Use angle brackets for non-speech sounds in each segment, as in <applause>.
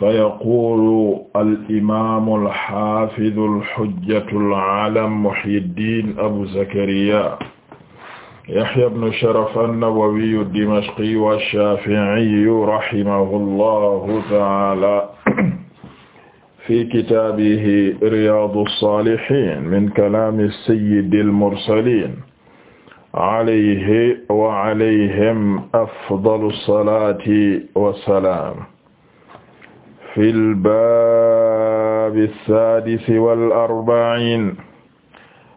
فيقول الإمام الحافظ الحجة العالم محي الدين أبو زكريا يحيى بن شرف النووي الدمشقي والشافعي رحمه الله تعالى في كتابه رياض الصالحين من كلام السيد المرسلين عليه وعليهم أفضل الصلاة والسلام في الباب السادس والأربعين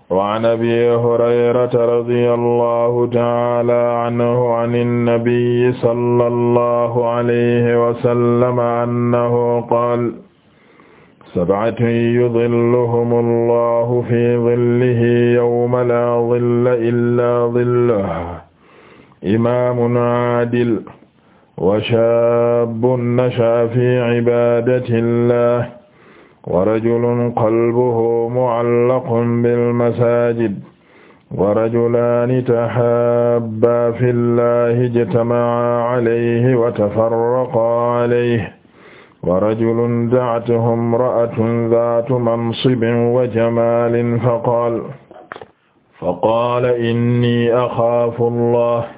وعن أبي هريرة رضي الله تعالى عنه عن النبي صلى الله عليه وسلم أنه قال سبعة يظلهم الله في ظله يوم لا ظل إلا ظله إمام عادل wa shaabun nasha'a fi ibaadati llah wa rajulun qalbuhu mu'allaqun bil masaajid wa rajulaani tahaabaa fi llahi ijtama'aa alayhi wa tafarraqaa alayhi wa rajulun da'athu imra'atun dhaatu mansibin wa jamaalin faqaala faqaala innii axaafu llah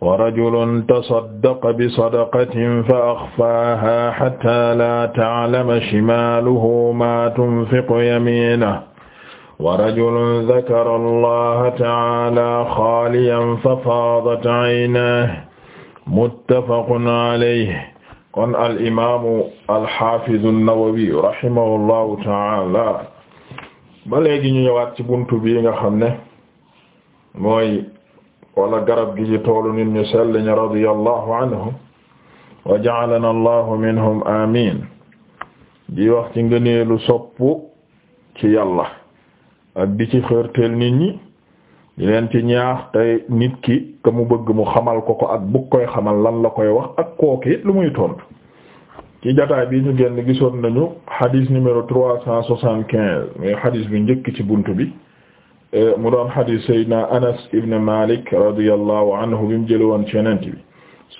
wa rajulun tasaddaqa bisadaqatin fa axfaahaa hattaa laa ta'lama shimaaluhu maa tunfiqu yamiinuhu wa rajulun dhakara Allaha ta'aalaa xaaliyan fa faadat 'aynaahu muttafaqun 'alayhi kon al imaamu al-haafiz an-Nawawi rahimahullahu ta'aalaa ba léegi ñu ñëwaat ci buntu bi nga xam ne mooy wala garab gi ci toolu nit ñu sell ñi radiyallahu anhum wa ja'alana allahu minhum amin di wax ci ngëneelu soppu ci yàlla ak di ci xërteel nit ñi di leen ci ñaax tey nit ki ka mu bëgg mu xamal ko ko ak bu koy xamal lan la koy wax ak kooku lu muy tontu ci jotaay bi ñu génn gisoon nañu hadith numéro trois cent soixante-quinze mais hadith bi njëkk ci bunt bi mu doon hadis sayyidina Anas ibn Malik radiyallahu anhu bi mu jëlee woon Yonent bi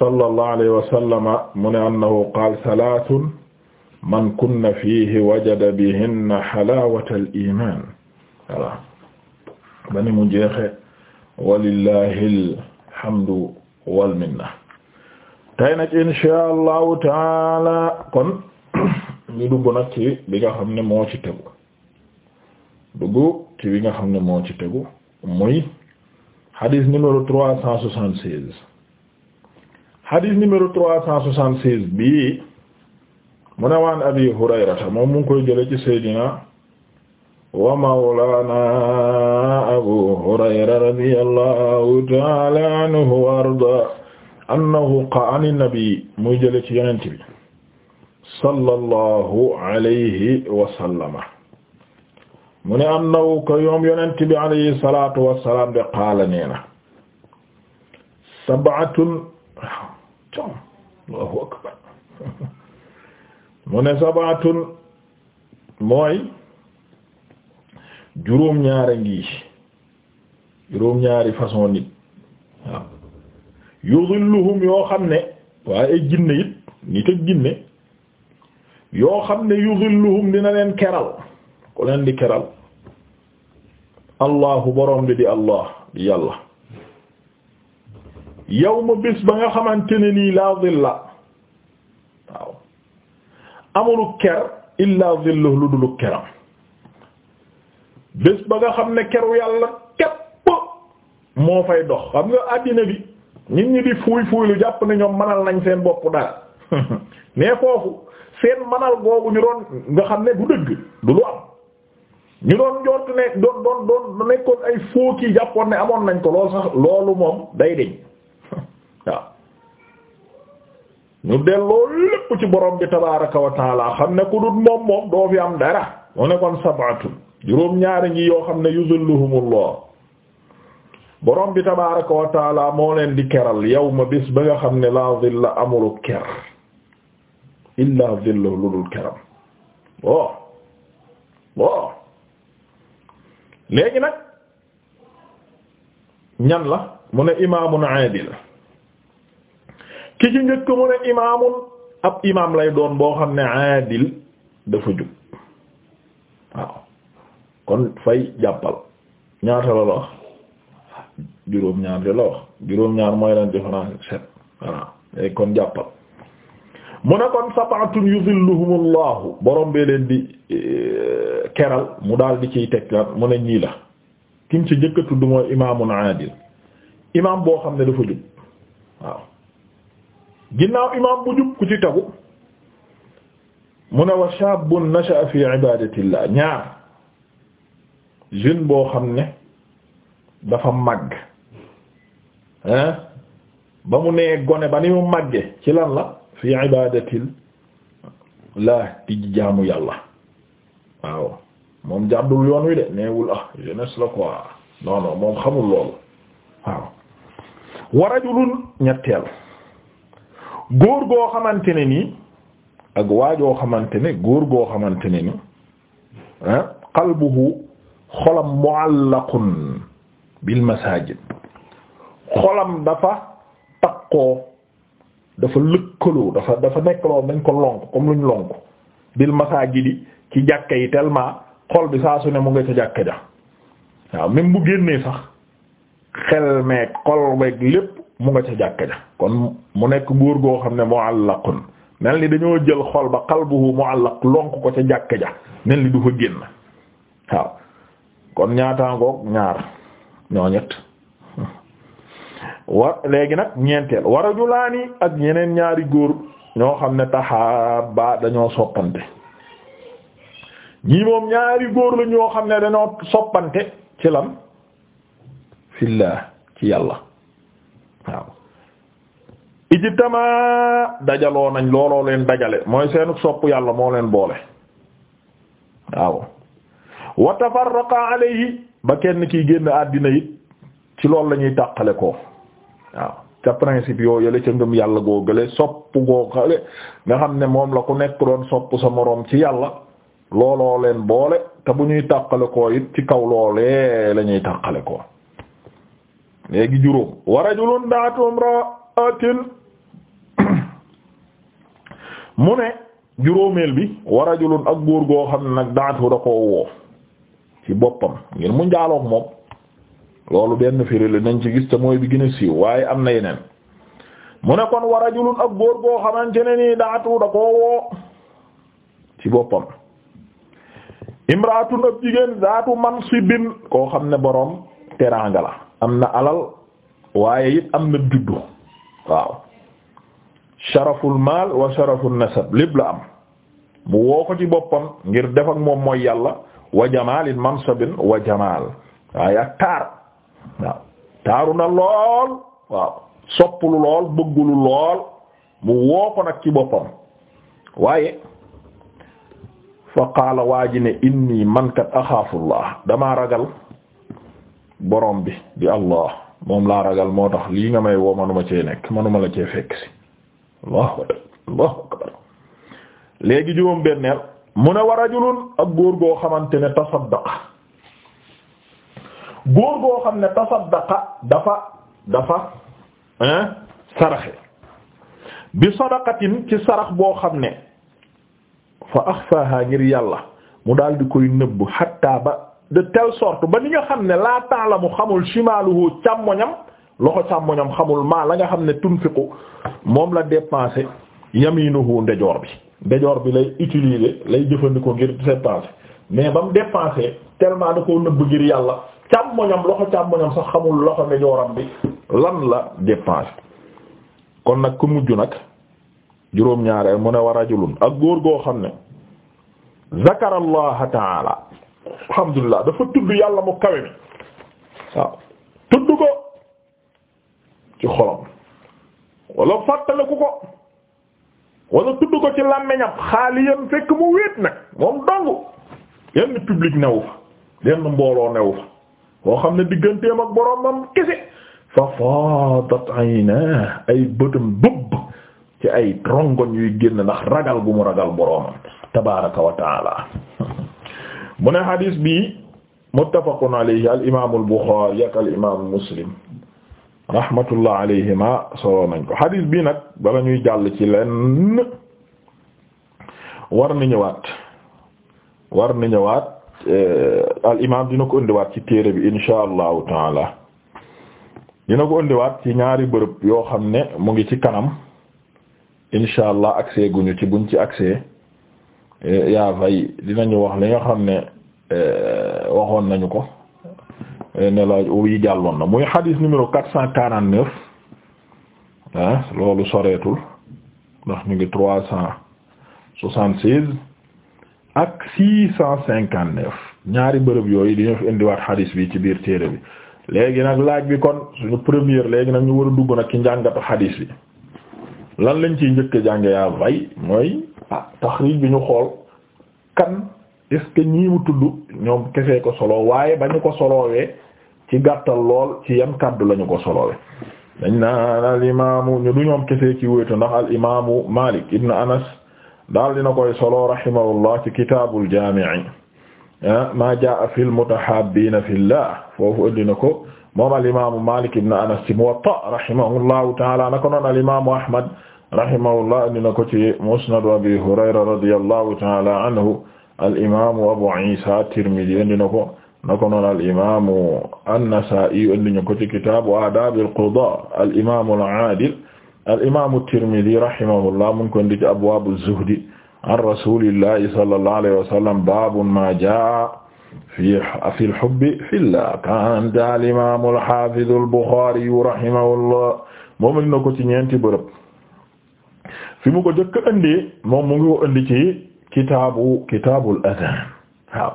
sallallahu alayhi wa sallama mu ne annahu qaala salaatun man kunna fiihi wajada bihinna halaawatal iimaan voilà ba ni mu jeexee walillaahil hamdu wal minna. tey nag inshaa Allahu taala kon ñu dugg nag ci bi nga xam ne moo ci tegu dugg. ci nga xam ne moo ci tegu muy hadith numéro trois cent soixante seize hadith numéro trois cent soixante seize mu ne waan abi hurayrata moom mu ngi koy jële ci seydina wa mawlana abu hurayra radiyallahu ta'ala anhu wa arda annahu qaala ani nabi muy jële ci yonent bi sallallahu alayhi wa mu ne annahu ko yoom yonent bi alayhi salatu wassalam de qaala nee na sab'atun waaw mu ne sab'atun mooy juróom ñaara ngi juróom ñaari façon nit waaw yudilluhum yoo xam ne waaye ay it nit ak jinne yoo xam ne yudilluhum dina leen keral ku leen di keral allahu borom bi di allah di yàlla yawma bis ba nga xamante ne nii laa zilla waaw amulu ker illaa zillu lu dulu keram bés ba nga xam ne keru yàlla képp moo fay dox xam nga àddina bi nit ñi di fuuy fuuy lu jàpp ne ñoom mënal nañ seen bopp dara mais <laughs> foofu seen mënal googu ñu doon nga xam ne du dëgg du lu am ñu doon njort ne doon doon doon nekkoon ay fóoki jàppoon ne amoon nañ ko loolu sax loolu moom day deñ <laughs> waaw ñu delloo lépp ci borom bi tabaaraka wa taala xam ne ku dut moom moom doo fi am dara mu nekkoon sabaatu juróom ñaari ngi yoo xam ne yuzilluhumullah borom bi tabaaraka wa taala moo leen di keral yawma bis ba nga xam ne laa zilla amulu ker illa zillu lu dul keram wo wo léegi nag ñan la mu ne imaamun aadil ki ci njëkk mu ne ab imaam lay doon boo xam ne aadil dafa jub waaw kon fay jàppal ñaata la juróom-ñaar de la wax juróom-ñaar mooy lan différence set voilà léegi kon jàppal mu ne kon sabaatun yuzilluhumu laahu borom bee leen di e, keral mu daal di ciy teg mu ne ñii la kim ci njëkk a tudd mooy imaamun aadil imaam boo xam ne dafa jub waaw ginnaaw imaam bu jub ku ci tagu mu ne wa shaabun nasha'a fi ibaadatillah ñaar jeune boo xam ne dafa màgg hein ba mu nee gone ba ni mu màgge ci lan la fi ibadatil la tijji jaamu yàlla waaw moom jàddul yoon wi de neewul ah jeunesse la quoi non non moom xamul loolu waaw wa rajulun ñetteel góor goo xamante ne nii ak waajoo xamante ne góor goo xamante ne ni ah qalbuhu xolam mu'allaqun bil masajid xolam dafa takkoo dafa lëkkaloo dafa dafa nekk loolu nañ ko lonk comme luñ lonk bil masaajidi ci jàkka yi tellement xol bi saa su ne mu nga ca jàkka ja waaw même bu génnee sax xel meeg xol beeg lépp mu nga ca jàkka ja kon mu nekk góor goo xam ne mu'allaqun mel ni dañoo jël xol ba mu mu'allaq lonk ko ca jàkka ja mel ni du fa génn waaw kon ñaataangoog ñaar ñoo wa léegi nag ñeenteel wa rajulaani ak ñeneen ñaari góor ñoo xam ne taxaaba dañoo soppante ñii moom ñaari góor la ñoo xam ne dañoo soppante ci lam fillah ci yàlla waaw ijtama dajaloo nañ looloo leen dajale mooy seenu sopp yàlla moo leen boole waaw wa tafarraqa alayhi ba kenn kiy génn àddina yi ci loolu la ñuy tàqale ko waaw ca principe yoo yële ca ngëm yàlla goo gële sopp goo xale nga xam ne moom la ku nekk doon sopp sa moroom ci yàlla looloo leen boole te bu ñuy tàqale koo it ci kaw loolee la ñuy koo léegi juróom wa rajulun da'at imra'atin <coughs> mu ne juróomeel bi wa rajulun ak góor goo xam ne nag da'atu da koo woo ci boppam ngir mu njaaloog moom loolu benn firi la nañ ci gis te mooy bi gën a siiw waaye am na yeneen mu ne kon wa rajulun ak góor goo xamante ne nii daatu da koo woo ci boppam imraatun na jigéen daatu mansibin koo xam ne boroom teraanga la am na alal waaye it am na juddu waaw sharaful maal wa sharaful nasab lépp la am mu woo ci boppam ngir def moom mooy yàlla wa jamaalin mansabin wa jamaal waaye ak taar waaw taaru na lool waaw soppulu lool bëggulu lool mu woo nag ci boppam waaye fa qaala waa ji ne inni man kat axaafullah damaa ragal borom bi di allah moom laa ragal moo tax lii nga may woo manuma cee nekk manuma la cee fekk si allahu allahu akbar léegi juróom benneel mu ne wa rajulun ak góor goo xamante ne tasaddaqa góor boo xam ne tasaddaqa dafa dafa hein saraxe bi sadaqatin ci sarax boo xam ne fa axfaaha ngir yàlla mu daal di koy nëbb hatta ba de telle sorte ba ni nga xam ne laa taalamu xamul shimaaluhu càmmoñam loxo càmmoñam xamul maa la nga xam ne tunfiqu moom la dépensé yaminuhu ndejoor bi ndejoor bi lay utiliser lay jëfandikoo ngir dépenser mais ba mu dépensé tellement da nëbb ngir yàlla càmmoñam loxo càmmoñam sax xamul loxo ndeyjooram bi lan la dépense kon nag ku mujj nag juróom-ñaareel mu ne wa rajulun ak góor goo xam ne zakarallaha taala alhamdulilah dafa tudd yàlla mu kawe mi waaw tudd ko ci xolam wala fàttaliku ko wala tudd ko ci làmmiñam xaaliyan fekk mu wéet nag moom dong yenn public newu fa yenn mbooloo new fa koo xam ne digganteem ak boromam kese aynaa ay bëtam bëbb ci ay rongoñ yuy génn ndax ragal gu mu ragal boromam tabaaraka wa <laughs> mu ne xadiis bi muttafaqun alayhi al imaam al buxaari ak al imaam muslim rahmatullah alayhima solo nañ ko xadiis bi nag bala ñuy jàll ci lenn na ñëwaat na ñëwaat Euh, al imaam dina ko indiwaat ci téere bi insha allahu taala dina ko indiwaat ci ñaari bërëb yoo xam ne mu ngi ci kanam insha allah accès guñu ci buñ ci accès euh, yaa fay dinañu wax li nga xam ne euh, waxoon nañu ko ne la yi jàlloon na muy xadis numéro quatre cent quarante neuf ah, loolu soreetul ndax mu ngi trois cent ak six cent cinquante ñaari bërëb yooyu di ñu indiwaat xadis bi ci biir téere bi léegi nag laaj bi kon suñu première léegi nag ñu war a dugg nag ci njàngatu xadis bi lan lañ ci njëkk jànge yaa bay mooy ah taxrij bi ñu xool kan est ce mu tudd ñoom kesee ko solo waaye ba ñu ko solowee ci gàttal lool ci yan kàddu lañu ko solowee dañ naan al imaamu ñu du ñoom kesee ci wéetu ndax al imaamu Malik ibn Anas daal dina koy solo rahimahullah ci kitaabul jaami'i ah, maa jaa'a fil mutahabbiina fillah foofu andi na ko moom al imaamu Maalik ibn Anas ci Muwatta rahimahullahu ta'aala naka noonu al imaamu Ahmad rahimahullah andi na ko ci Musnad Abi Hurayra radiyallahu ta'aala anhu al imaamu Abu Iisa at-Tirmidhi andi na ko naka noonu al imaamu an-Nasaa'i andi na ko ci kitaabu aadaabil qudaa al imaamul aadil al imaamu Tirmidi rahimahullah mu ngi ko indi ci abwaabu zuhdi an rasuulillahi sallallahu alayhi wa sallam baabun maa jaa'a fii fil hubbi fillah kaana al imaamu al haafizu al Buxaari rahimahullah moom indi na ko ci ñeenti bërëb fi mu ko jëkk indi moom mu ngi ko indi ci kitaabu kitaabul azaan waaw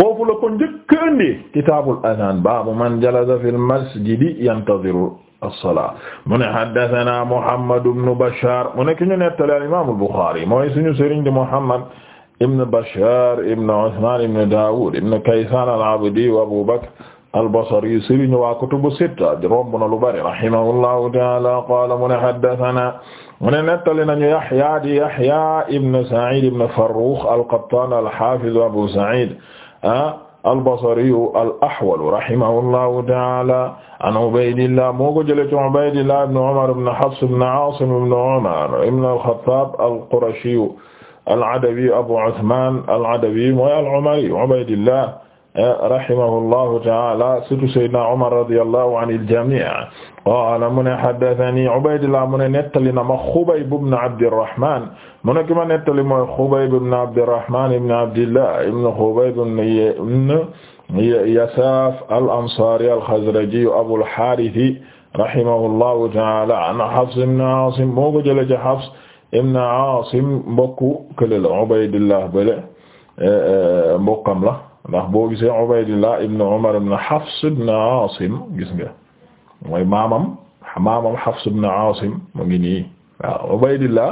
foofu la ko njëkk indi kitaabul azaan baabu man jalasa fil masjidi yantaziru as-salaa mu ne haddasanaa Muhammad ibn Bashaar mu ne ki ñu nettali al-Imaam al-Buxaari mooy suñu sëriñ di Muhammad ibn Bashaar ibn Usmaan ibn Daawuud ibn Kaysaan al-Abdi wa Abuu Bakr al-Basri sëriñ waa kutubu sitta romb na lu bari rahimahullahu ta'aala qaala mu ne haddasanaa mu ne nettali nañu Yahyaa di Yahyaa ibn Sa'iid ibn Farrukh al-Qattaan al-Haafiz Abuu Sa'iid ah albasariyu al ahwalu rahimahullahu taala an ubaydillah moo ko jëlee ci ubaydillah ibn umar ibn hafs ibn asim ibn umar ibn al-khattab al-qurashiyu al-adawiyu abu uthman al-adawi mooy al-umari ubaydillah rahimahullahu ta'ala surtout Seydina Omar radiyallahu anil jami' qaala mu ne haddathanii Ubaydullah mu ne nettali na ma Xubayb ibn Abdirrahman mu ne ki ma nettali mooy Xubayb ibn Abdirrahman ibn Abdillah ibn Xubayb ibn Yasaaf al-Ansaari al-Xazraji Abul Haarith rahimahullahu ta'ala an Hafs ibn Aasim moo ko jëlee ci Hafs ibn Aasim mbokku kële la Ubaydullah bële eh, eh, mbokkam la ndax boo gisee Ubaydillah ibn Umar ibn Hafs ibn Asim gis nga mooy maamam maamam Hafs ibn Asim mu ngi nii waaw Ubaydillah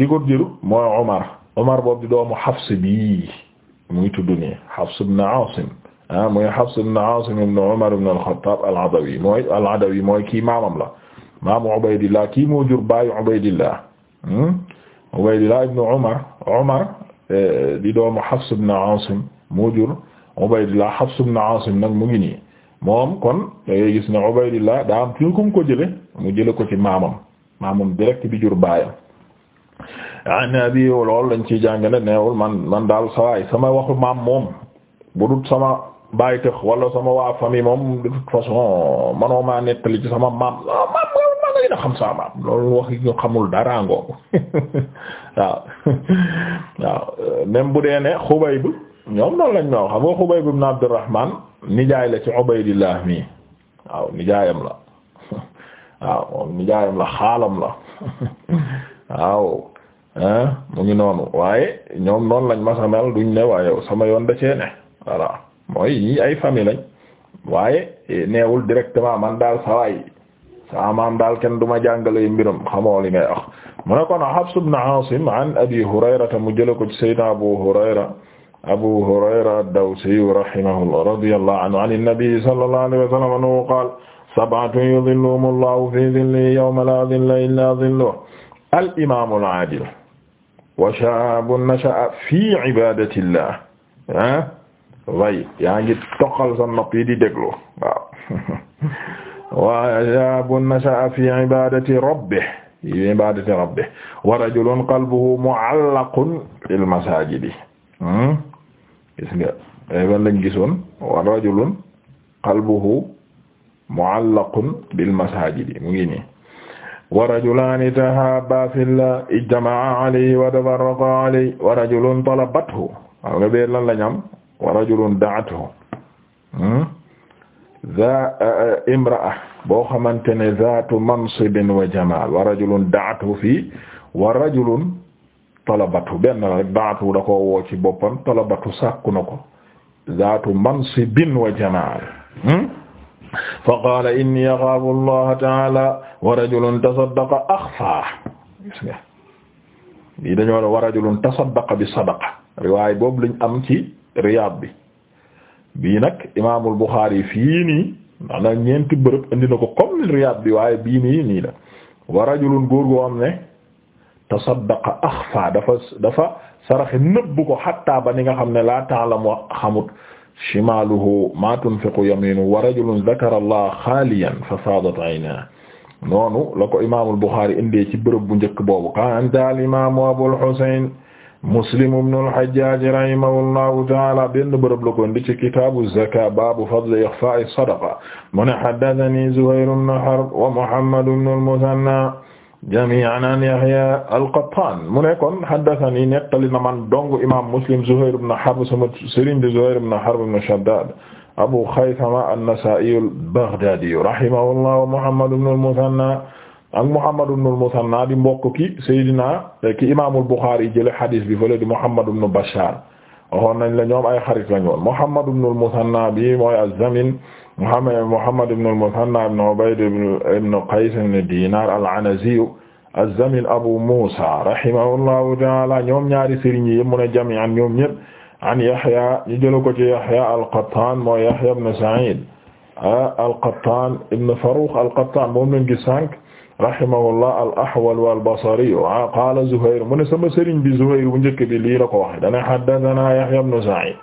ki ko jur mooy Umar Umar boobu di doomu Hafs bi muy tudd nii Hafs ibn Asim ah muy Hafs ibn Asim ibn Umar ibn al-Khattab al-Adawi mooy al-Adawi mooy kii maamam la maamu Ubaydillah kii moo jur baayu Ubaydillah hmm? Ubaydillah ibn Umar Umar eh, di doomu Hafs ibn Asim moo jur Ubaydillah Hafs ibn Asim nag mu ngi nii moom kon da ngay gis ne Ubaydillah daa am fi kum ko jële mu jële ko ci maamam maamam direct bi jur baayam ana lool dañ ciy jàng ne neewul man man daal sawaay sama waxu maam moom bu dut sama baay tëx wala sama waa famille moom de toute façon manoo nettali ci sama maam ah maam loolu maa ngi xam sama maam loolu wax ñu xamul dara ngoo <laughs> waaw <laughs> waaw même bu dee ne Xubayb ñoom noonu lañ ñoo xam nga Xubayb ibn nijaay la ci Ubaydillah mi waaw nijaayam la <laughs> waaw moom la xaalam la <laughs> waaw mu ngi noonu waaye ñoom noonu lañ ma samel duñ ne waaye sama yoon da cee ne mooy ñii ay famille lañ waaye eh, neewul directement man daal sawaay sa daal kenn du jàngale mbirum xamoo li ngay mu ne kon Hafs ibn Asim an Abi Hurayrata mu jële ko ci Sayyidina Abu Hurayra abu hurayra ad-dawsiyu rahimahullah radiyallahu anhu an an-nabi sallallahu alayhi wa sallam annahu qaala sab'atun yuzilluhumu llahu fi zillihi yawma laa zilla illaa zilluhu al-imaamu al-'aadil wa shaabun nasha'a fii 'ibaadati llah ah way yaa ngi toqal sa nopp yi di déglu waaw <laughs> wa shaabun nasha'a fii 'ibaadati rabbihi fii 'ibaadati rabbihi wa rajulun qalbuhu mu'allaqun bil masaajidi hmm? gis nga ban lañ gisoon wa rajulun qalbuhu mu'allaqun bil masajidi mu ngi nii wa rajulaani tahaaba fillah ijtama'a alayhi wa tafarraqa alayhi wa rajulun talabathu waaw nga bee lan lañ am wa rajulun da'athu hmm? za imra'a boo xamante ne zaatu mansibin wa jamaal wa rajulun da'athu fii wa rajulun talabatu benn la rek daatu da koo woo ci boppam talabatu sàkku na ko zaatu mansibin wa jamaal hmm? fa qaala inni axaafu allaha taala wa rajulun tasaddaqa axfaa lii dañoo la wa rajulun tasaddaqa bi sadaqa riwaay boobu lañ am ci Riyaad bi bii nag imaamul Buxaari fii nii ndax nag ñeenti bërëb indi na ko comme Riyaad bi waaye bii nii nii la wa rajulun góor goo am ne tasaddaqa axfa dafa dafa saraxe nëbb ko xatta ba ni nga xam ne laa ta'lamu xamut shimaaluhu maa tunfiqu yamiinu wa rajulun dhakara allaha xaaliyan fa saadat aynaahu noonu la ko imaamul Buxaari indee ci bërëb bu njëkk boobu qaala al-imaamu Abul Husayn Muslim ibn al-Hajjaj rahimahullahu ta'ala benn bërëb la ko indi ci kitaabu zakaat baabu fadli ixfaa'i sadaqa mu ne haddathanii Zuhayr ibn Harb wa Muhammad ibn al-Muthanna jami'an an Yahya al-Qattan mu ne kon haddathani nettali na man dong imaam Muslim Zuhayr ibn Harb sama sëriñ bi Zuhayr ibn Harb ibn Shaddad Abu Khaythama an-Nasa'i al-Baghdadi rahimahullah wa Muhammad ibn al-Muthanna ak Muhammad ibn al-Muthanna di mbokk ki Seydina eh, ki imaamul Bukhari jële hadith bi fële di Muhammad ibn Bashar waxoon nañ la ñoom ay xarit lañu woon Muhammad ibn al-Muthanna bi mooy az-Zamin Muhammad Muhammad ibn al-Muthanna ibn Ubayd ibn Qays ibn Dinar al-Anazi az-Zamin Abu Musa rahimahullahu ta'ala ñoom ñaari sëriñ yi mu ne jami'an ñoom ñëpp an Yahya ñu jël ko ci Yahya al-Qattan mooy Yahya ibn Sa'id ah, al-Qattan ibn Farrukh al-Qattan moom lañ gis sànq rahimahullah al-Ahwal wal-Basri qala Zuhayr mu ne sama sëriñ bi Zuhayr bu njëkk bi lii la ko waxe dana haddathana Yahya ibn Sa'id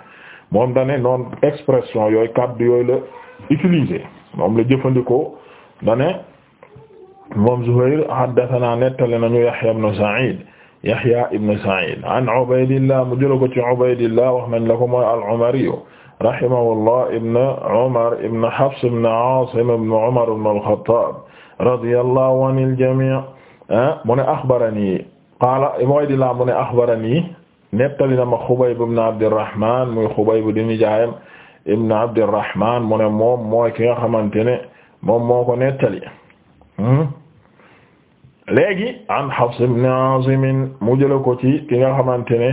moom dane noon expression yooyu kàddu yooyu la utiliser moom la jëfandikoo dane moom Zuhayr haddathana nettali nañu Yahya ibn Sa'id Yahya ibn Sa'id an Ubaydillah mu jëla ko ci Ubaydillah wax nañ la ko mooy al-Umari rahimahullah ibn Umar ibn ibn Asim ibn ibn al-Khattab radiyallahu anil jami' ah, mu ne akhbarani qaala Ubaydillah mu ne akhbarani nettali na ma Xubayb ibn Abdirrahman muy Xubayb di nijaayam ibn Abdirrahman mu ne moom mooy ki nga xamante ne moom moo ko nettali hmm? léegi an Hafs ibn Aasim mu jëla ko ci ki nga xamante ne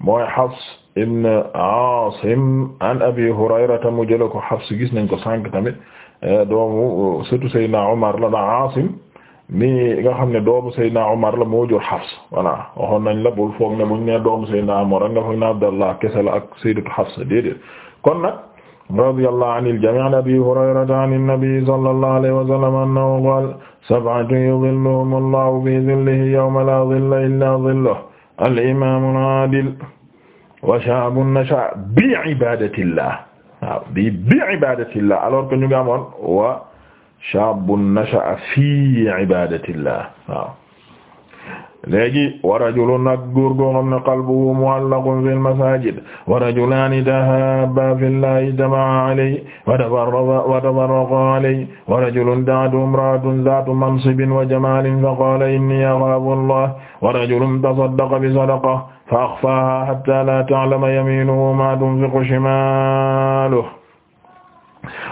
mooy Hafs ibn Aasim an Abi Hurayrata mu jëla ko Hafs gis nañ ko sànq tamit eh, doomu surtout Seydina Umar la da Aasim mi nga xam ne doomu Seydina Omar la moo jur Hafs voilà waxoon nañ la bul foog ne buñ ne doomu Seydina Omar nga foog ne Abdallah kese la ak Sayyidatu Hafsa déedéet kon nag radiyallahu anil jami' an Abi Hurayrata an an-nabi sallallahu alayhi wa sallam annahu qala sab'atun yuzilluhum Allahu fi zillihi yawma la zilla illa zilluhu al-imam al-adil wa sha'bun nasha'a bi ibadatillah waaw bi bi ibadatillah alors que ñu ngi amoon wa shaabun nasha'a fi ibadatillah waaw léegi wa rajulun nag góor goo xam ne qalbuhu mu'allaqun fil masajid wa rajulani tahabba fillahi ijtama'a alayhi wa tafarraqa alayhi wa rajulun da'athu imra'atun dhatu mansibin wa jamalin faqala inni akhafu Allah wa rajulun tasaddaqa bi sadaqatin fa akhfaha hatta la ta'lama yaminuhu ma tunfiqu shimaluhu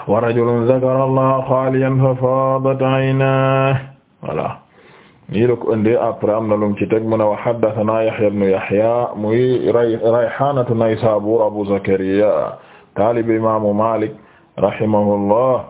wa rajulun zakara allaha xaaliyan fa faadat aynaahu ko indee après am na lu mu ci teg mu ne wa haddathana Yahya ibn Yahya muy Rayhaanatu Naysaabuur Abu Zakariya taalib imaamu Maalik rahimahullah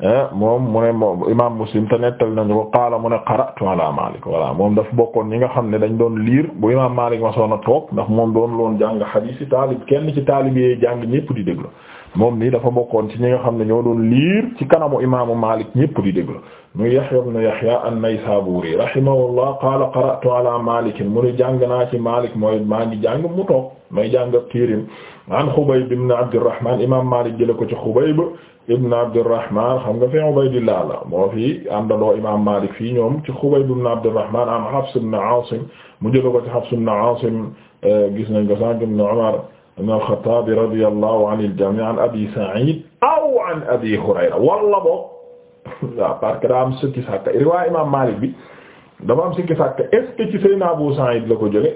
eh, moom mu ne moom imaam Muslim te nettal nañu ko qaala mu ne qara'tu ala Maalik voilà moom bokkoon ñi nga xam ne dañ doon liir bu imaam Maalik ma soon a toog ndax moom doon loon jàng hadiis yi taalib kenn ci taalib yi jàng ñépp di déglu moom nii dafa bokkoon ci ñi nga xam ne ñoo doon liir ci kanamu imaamu Maalik ñépp di déglu mu Yahya ibn Yahya an-Naysaburi rahimahullah qaala qara'tu ala Maalik mu ni jàng naa ci Maalik mooy maa ngi jàng mu toog may jàng ab tiirim an Xubayb ibn Abdirrahman imaam Maalik jële ko ci Xubayb ibn Abdirrahman xam nga fi Ubaydillah la moo fi àndandoo imaam Maalik fii ñoom ci Xubayb ibn Abdirrahman am Hafs ibn Aasim mu jële ko ci Hafs ibn eh, gis nañ ko sànq ibn Umar ibn al-Khattab radiyallahu anil jami' an Abi Sa'id aw an Abi Hurayra walla boog waaw parce que daa am sikki sàkk riwaay imam Malik bi dafa am sikki sàkk est-ce que ci Seydina Abu Sa'id la ko jële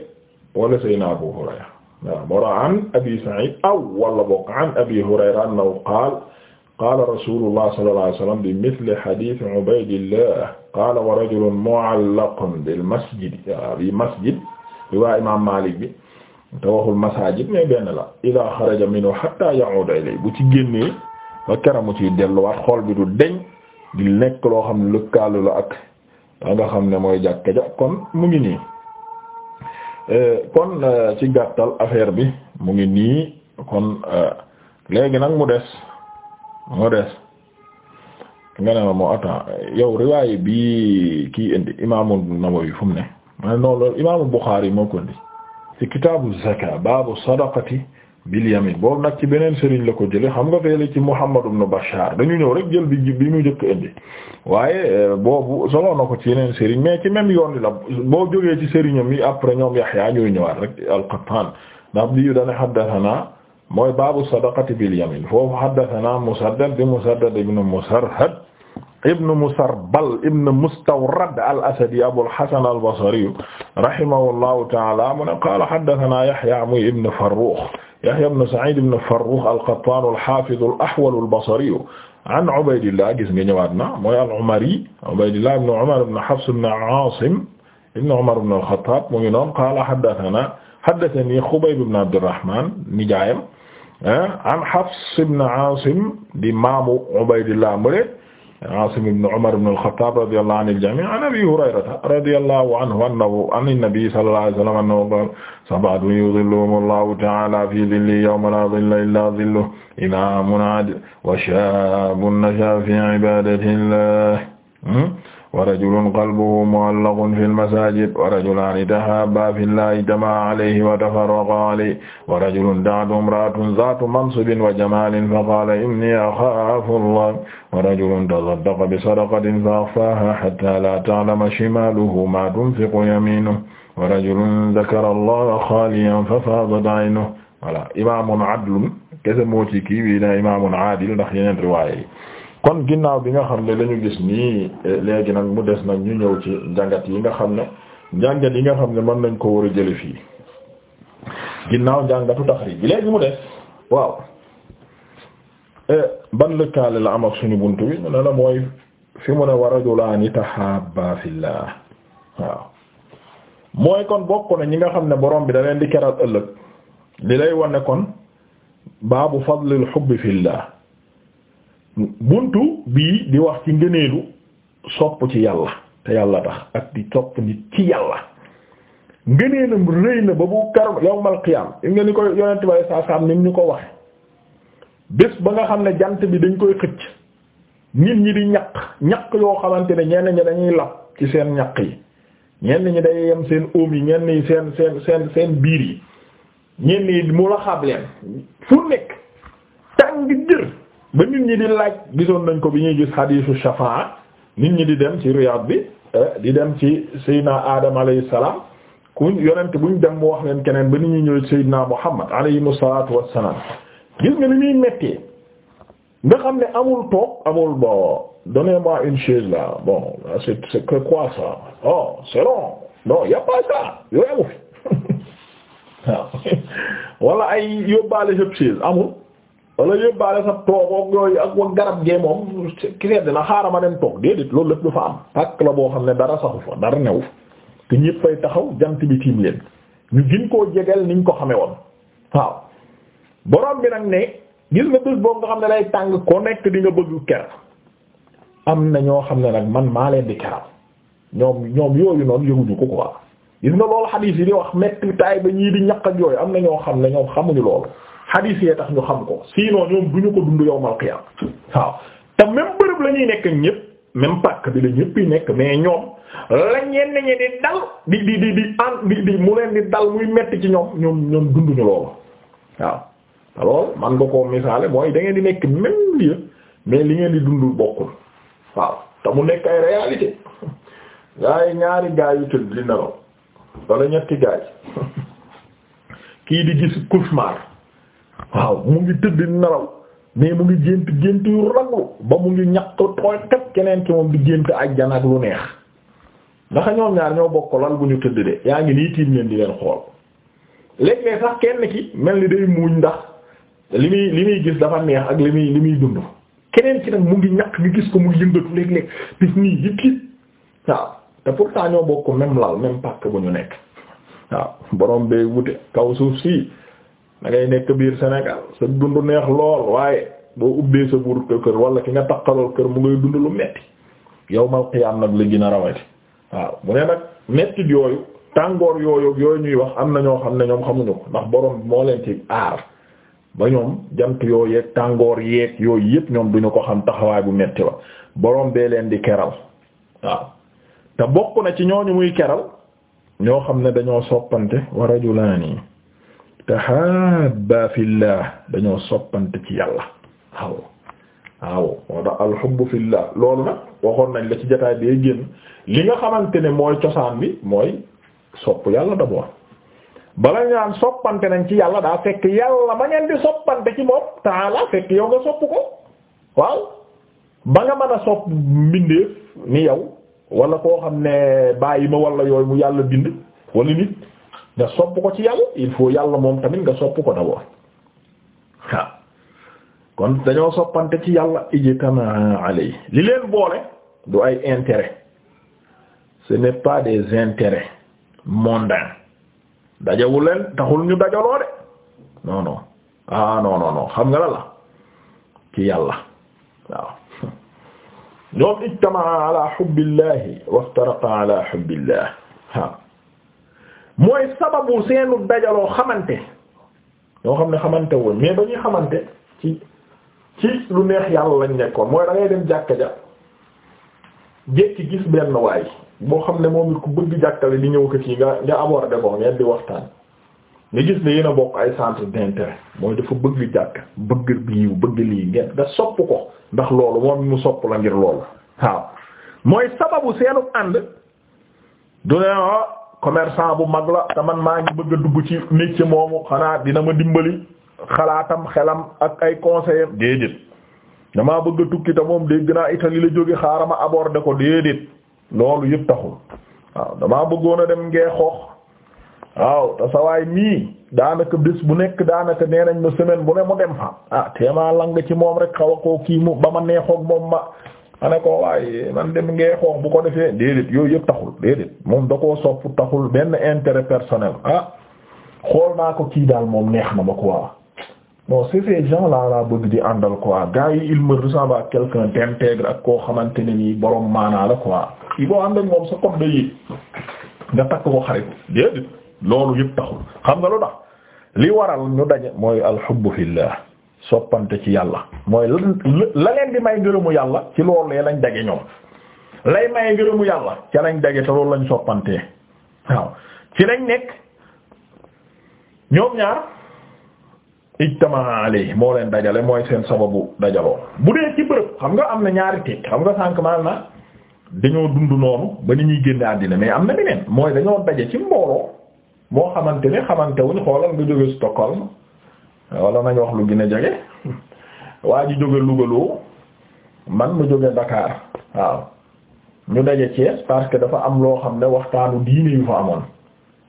wala Seydina Abu Hurayra waaw moo tax an Abi Sa'id aw walla boog an Abi Hurayra annahu qaala qaala rasulullah sallallahu alayhi wa sallam bi mithli hadith Ubaydillah qaala wa rajulun mu'allaqun bil masjid bi masjid riwaay imam Malik bi te waxul masaajid mais benn la ida xaraja minhu hatta ya'uda ilay bu ci génnee ba keramu ciy delluwaat xool bi du deñ di nekk loo xam ne lëkkaalu la ak la nga xam ne mooy jàkk ja kon mu ngi nii eh, kon eh, ci gàttal affaire bi mu ngi nii kon eh, léegi nag mu des mu des nga ne ma moo attend yow riwaay bi kii indi imaamu Nawawi fu mu ne ma ne noonu loolu imaamu Buxaari moo ko indi ci kitaabu zaka baabu sadaqati bil yamin boobu nag ci beneen sëriñ la ko jële xam nga feele ci Muhammad ibn Bashar dañu ñëw rek jël bi bi mu njëkk indi waaye euh, boobu solo na ko ci yeneen sëriñ mais ci même yoon la boo jogee ci sëriñam yi après ñoom Yahya ñooy ñëwaat rek al-Qattan ndax bi yu dana haddathana mooy baabu sadaqati bil yamin foofu haddathana Musaddad bi Musaddad ibn Musarhad ibn Musarbal ibn Mustawrad al-Asadi Abul Hasan al-Basri rahimahullahu ta'ala mu ne qaala haddathanaa Yahya muy ibn Farrukh Yahya ibn Sa'id ibn Farrukh al-Qattan al-Hafiz al-Ahwal al-Basri an Ubaydillah gis nga ñëwaat na mooy al-Umari Ubaydillah ibn Umar ibn Hafs ibn Asim ibn Umar ibn al-Khattab mu ngi noonu qaala haddathanaa haddathanii Khubayb ibn Abdirrahman nijaayam an Hafs ibn Asim di maamu Ubaydillah Aasim ibn Umar ibn al-Khattab radiyallahu anil jami' an Abi Hurayrata radiyallahu anhu annahu an an-nabi sallallahu alayhi wa sallam annahu qala sab'atun yuzilluhumu Allahu ta'ala fi dhillihi yawma la dhilla illa dhilluhu imaamun adilun wa shaabun nasha'a fi ibadati Allah hmm? wa rajulun qalbuhu mu'allaqun fil masajid wa rajulaani tahaabaa fillaahi jama'a alayhi wa tafarraqa alayhi wa rajulun da'athu imra'atun zaatu mansibin wa jamaalin faqaala innii axaafu llaah wa rajulun tasaddaqa bisadaqatin fa axfaahaa hattaa laa ta'lama shimaaluhu maa tunfiqu yamiinuhu wa rajulun dhakara llaaha xaaliyan fafaadat 'aynuhu voilà imaamun adlun kese moo ci kii wi na imaamun aadil ndax yeneen riwaaya yi kon ginnaaw bi nga xam ne lañu gis nii eh, léegi nag mu des nag ñu ñëw ci njàngat yi nga xam ne njàngat yi nga xam ne mën nañ ko war a jële fii ginnaaw njàngatu taxriij bi léegi mu des waaw eh, ban lëkkaale la am ak suñu bunt bi mu ne la mooy fi mu ne a rajulaani tahaabaa fillah waaw mooy kon bokk na ñi nga xam ne borom bi da leen di keral ëllëg li lay wane kon baabu fadlil hubbi fillah buntu bii di wax ci ngëneelu sopp ci yàlla te yàlla tax ak di sopp nit ci yàlla ngëneelam rëy na ba bu kar yawmal qiyaam nga ni ko yonent bi saa saa ni ñu ko waxe bés ba nga xam ne jant bi dañ koy xëcc nit ñi di ñaq ñaq yoo xamante ne ñenn ñi dañuy lab ci seen ñaq yi ñenn ñi day yem seen oom yi ñenn ñi seen seen seen seen biir yi ñenn ñi mu la leen fu nekk tàng jër ba nit ñi di laaj gisoon nañ ko bi ñuy gis xadiisu shafaa nit ñi di dem ci Riyad bi eh, di dem ci Seydina Adam alayhi salaam kuñ yonent buñ dem mu wax leen keneen ba nit ñi ñëw Seydina Muhammad alayhi salaatu wassalaam gis nga ni ñuy mettee nga xam ne amul toog amul bon donnez-moi une chaise là bon c'est c'est que quoi ça oh c'est long non y a pas ça yooyu amu fi <laughs> waaw wala ay yóbbaale yëpp chaise amul. wala yóbbaale sa tooboog yooyu ak wa garab gee moom ki sedd na xaaral ma dem toog déedéet loolu lépp du fa am pàkk la boo xam ne dara saxu fa dara new te ñépp taxaw jant bi tiim leen ñu gin koo jegeel niñ ko xame woon waaw borom bi nag ne gis nga xam ne lay tàng ko nekk di nga bëgg ker am na ñoo xam ne nag man maa leen di keral ñoom ñoom yooyu noonu yëguñu ko quoi gis nga loolu xadiis yi di wax metti taay ba ñii di ñaq ak yooyu am na ñoo xam ne ñoom xamuñu loolu xadiis yee tax ñu xam ko sinon ñoom du ñu ko dund yowmal qiyaam waaw te même bërëb la nekk ñépp même pàkk bi la ñépp yi nekk mais ñoom la ñeen ñi di dal di di di di an di di dunduñu loolu waaw nga koo mooy da di nekk mais li ngeen di dund bokkul waaw te mu nekk ay réalité gaa ñaari gaa yu tëdd li nelaw wala ñetti gaa yi <laughs> kii di gis cauchemar waaw mu ngi tëdd nelaw mais mu ngi gént gént yu raglu ba mu ngi ñaq tooy xet keneen ki moom di gént ajjana ak lu neex ndax ñoom ñaar ñoo bokk lal bu ñu tëdd de yaa ngi nii tiim leen di leen xool léeg-léeg sax kenn ki mel ni day muuñ ndax li muy li muy gis dafa neex ak li muy li muy dund keneen ki nag mu ngi ñaq nga gis ko mu yëngatu léeg-léeg bis nii yëpp it waaw te pourtant ñoo bokk même lal même pàkk bu ñu nekk waaw borom bee wute kaw suuf si. da ngay nekk biir Sénégal sa dund neex lool waaye boo ubbee sa buur kër wala ki nga takkalool kër mu ngay dund lu metti yawmal qiyaam nag la gën a rawati waaw mu ne nag metti yooyu tàngoor yooyu yooyu ñuy wax am na ñoo xam ne ñoom xamuñu ko ndax borom moo leen ci aar ba ñoom jant yoo yeeg tàngoor yeeg yooyu yëpp ñoom duñu ko xam taxawaay bu metti ba boroom bee leen di keral waaw te bokk na ci ñooñu muy keral ñoo xam ne dañoo soppante wa rajulaani tahabba fillah dañoo soppante ci yàlla waaw waaw moo tax alxubbu fillah loolu nag waxoon nañ la ci jotaay bee génn li nga xamante ne mooy cosaan bi mooy sopp yàlla d'abord bala ñaan soppante nañ ci yàlla daa fekk yàlla ba ngeen di soppante ci moom taala fekk yow nga sopp ko waaw ba nga mën a sopp mbindeef ni yow wala koo xam ne bàyyi ma wala yooyu mu yàlla bind wala nit nga sopp ko ci yàlla il faut yàlla moom tamit nga sopp ko d'abord waaw kon dañoo soppante ci yàlla ijtama alay li leen boole du ay intérêt ce n'est pas des intérêts mondains dajawu leen taxul ñu dajaloo de ah non non non nga la ci yàlla ñoom ijtama ala hubbillahi waxtaraqa ala hubbillah waaw mooy sababu seenu dajaloo xamante ñoo xam ne xamante woon mais ba ñuy xamante ci ci lu neex yàlla lañ nekkoon mooy da ngay dem jàkka ja jékki gis benn waay boo xam ne moom it ku bëgg jàkkale di ñëw ko ci nga nga aborder ko ngeen di waxtaan nga gis ne yéen a bokk ay centre d'intérêt mooy dafa bëgg li jàkk bëgg biiw bëgg lii ngeen nga sopp ko ndax loolu moom mu sopp la ngir loolu waaw mooy sababu seenu ànd du ne ah, commerçant bu mag la te man maa ngi bëgg a dugg ci métier moomu xanaa dina ma dimbali xalaatam xelam ak ay conseillers déedéet damaa bëgg a tukki te moom dégg naa Italie la jóge xaaral ma aborder ko déedéet loolu yëpp taxul waaw damaa bëggoon a dem ngee xoox waaw te sawaay mii daanaka bés bu nekk daanaka nee nañ ma semaine bu ne mu dem fa ah téemaa lang ci moom rek xaw koo kii mu ba ma neexoog moom ma ma ne ko waaye man dem ngee xoox bu ko defee déedéet yooyu yëpp taxul déedéet moom da koo soppu taxul benn intérêt personnel ah xool naa ko kii daal moom neex na ma quoi non c'est ces gens là laa bëgg di àndal quoi gars yi il me ressemble à quelqu'un d'intègre ak koo xamante ne nii borom maanaa la quoi kii boo ànd ak moom sa code de yi nga takk ko xarit déedéet loolu yëpp taxul xam nga lu dax li waral ñu daje mooy alxubbu fillah soppante ci yàlla mooy la leen di may ngërëmu yàlla ci loolee lañ dage ñoom lay maye ngërëmu yàlla ca lañ dage te loolu lañ soppantee waaw ci lañ nekk ñoom ñaar ijtama alay moo leen dajale mooy seen sababu dajaloo bu dee ci bërëb xam nga am na ñaari tekk xam nga sànq maanaam na dañoo dund noonu ba ni ñuy génne àddina mais am na beneen mooy dañoo daje ci mbooloo moo xamante ne xamante wuñ xoolal nga jóge Stockholm wala nañu wax lu gën a jege waa ji jóge Louga man mu jóge Dakar waaw ñu daje Thiès parce que dafa am loo xam ne waxtaanu diine yu fa amoon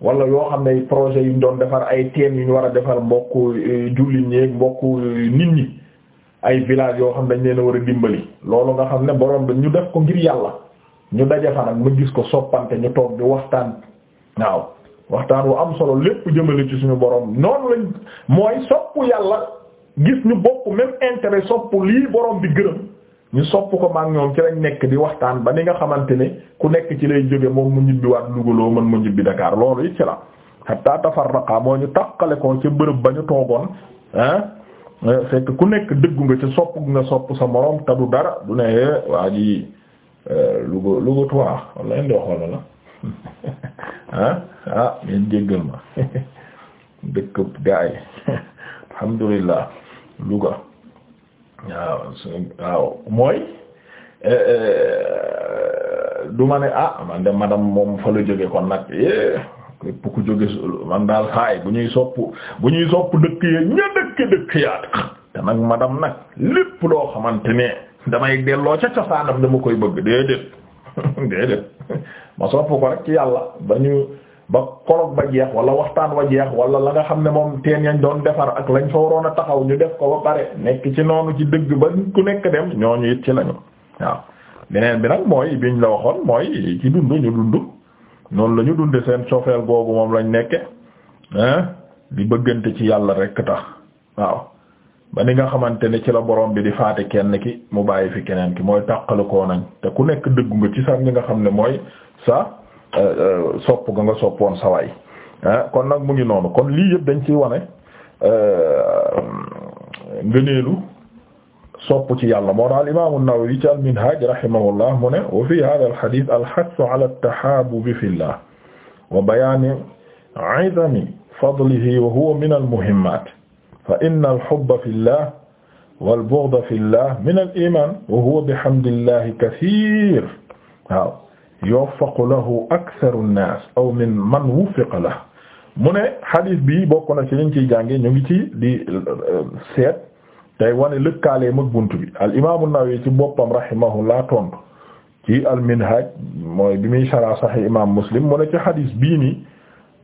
wala yoo xam ne projet yu ñu doon defar ay teen yu ñu war a defar mbokk euh, jullit ñeeg mbokk euh, nit ñi ay village yoo xam ne dañ leen a war a dimbali loolu nga xam ne borom bi ñu def ko ngir yàlla ñu daje fa nag ma gis ko soppante ñu toog di waxtaan waaw waxtaan wu am solo lépp jëmale ci suñu borom noonu lañ mooy sopp yàlla gis ñu bokk même intérêt sopp lii borom bi gërëm ñu sopp ko maak ñoom ci lañ nekk di waxtaan ba ni nga xamante ne ku nekk ci lay jóge moom mu ñibbi waat lugaloo mën mu ñibbi Dakar loolu it ci la hatta tafarraqa moo ñu takkale ko ca bërëb ba ñu toogoon ah fekk ku nekk dëggu nga ci sopp nga sopp sa morom te du dara du ne eh, waa ji eh, Louga Louga 3 wala indi waxoon na <laughs> ah ah yéen jéggal ma <laughs> dëkk gaay <laughs> alhamdulillah Louga waaw waaw mooy eh, eh, du ma ne ah man de madame moom fa la jóge kon nag eh, képp ku jóge man daal saay bu ñuy sopp bu ñuy sopp dëkk ya ña dëkk dëkk yaa te nag madame nag lépp loo xamante ne damay delloo ca cosaanam dama koy bëgg déedéet déedéet ma sopp ko rek ci yàlla ba ñu ba koroog ba jeex wala waxtaan wa jeex wala la nga xam ne moom teen yañ doon defar ak lañ fa waroon a taxaw ñu def ko ba pare nekk ci noonu ci dëgg ba ku nekk dem ñooñu ci lañu waaw beneen bi nag mooy biñ la mooy ci dund ñu dund noonu la ñu dunde seen cofeel googu moom lañ nekke di bëggante ci yàlla rek tax waaw ni nga xamante ne ci la borom bi di faate kenn ki mu bàyyi fi keneen ki mooy tàqalikoo nañ ku nekk dëggu nga ci sax ñi nga xam ne mooy sa euh, euh, sopp ga nga soppoon sa waay ah, kon nag mu ngi noonu kon lii yëpp dañ ci wane euh, ngëneelu sopp ci yàlla moo daal imaam an-Nawawi ci al-Minhaj rahimahullah mu ne wa fi hadha al-hadith al-hath ala at-tahabub fillah wa bayan 'izami fadlihi wa huwa min al-muhimmat fa inna al-hubba fillah wal-bughda fillah min al-iman wa huwa bihamdillahi kathir waaw yuwaffaqu lahu aktharu an-nas aw min man wuffiqa lahu mu ne hadith bi bokk na ci liñ ciy jànge ñu ngi ci di euh, seet tey wane lëkkaalee mag bunt bi al imaamu Nawawi ci boppam rahimahullah tontu ci al minhaj mooy bi muy shara sahih imam muslim mu ne ci hadith bii nii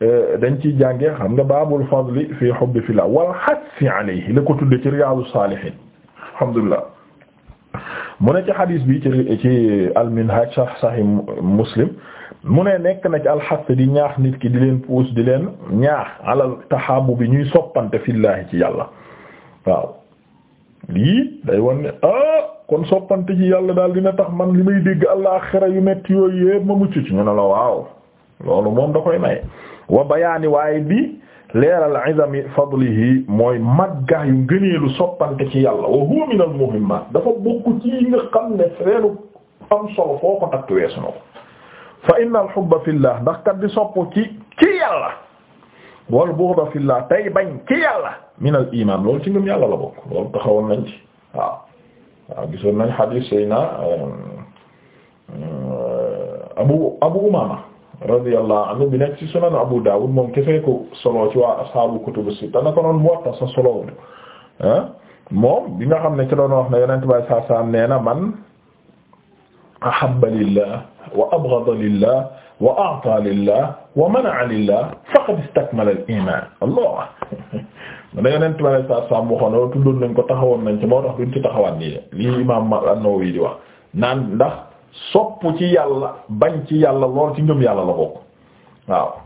euh, dañ ciy jànge xam nga baabul fadli fi hubbi fillah wal hassi alayhi la ko tudde ci riyaadu saalihiin alhamdulillah mu ne ci xadiis bi ci ci al-Minhaj sharh Sahih Muslim mu ne nekk na ci alxas di ñaax nit ki di leen puus di leen ñaax alal taxaabu bi ñuy soppante fillaahi ci yàlla waaw lii day wan ne ah kon soppante ci yàlla daal dina tax man li may dégg àllaaxira yu metti yooyu yépp ma mucc ci ñu ne la waaw loolu moom da koy maye wa bayaani waaye bi leeral izami fadlihi mooy magga yu ngëneelu soppante ci yàlla wa huwa min al muhimmat dafa bokk ci yi nga xam ne reenu am solo foo ko takk weesu na ko fa inna al hubba fillah ndax kat di sopp ci ci yàlla wal bughda fillah tey bañ ci yàlla min al iman loolu ci ngëm yàlla la bokk loolu taxawoon nañ ci waaw waaw gisoon nañ hadith sayna euh, euh, abu abu umama radiyallahu anhu bi nekk ci sunan Abu Dawud moom kese ko solo ci waa ashaabu kutubu sitta na ko noonu solo ah moom bi nga xam ne ci doon wax ne nee na man ahabba lillah wa abghada lillah wa a'ta lillah wa mana'a lillah faqad istakmala al-iman Allah <laughs> man Yonent bi saa ko taxawoon nañ ci moo tax duñ ci taxawaat nii de lii Imaam an di wax naan ndax. sopp ci yàlla bañ ci yàlla lool ci ngëm yàlla la bokk waaw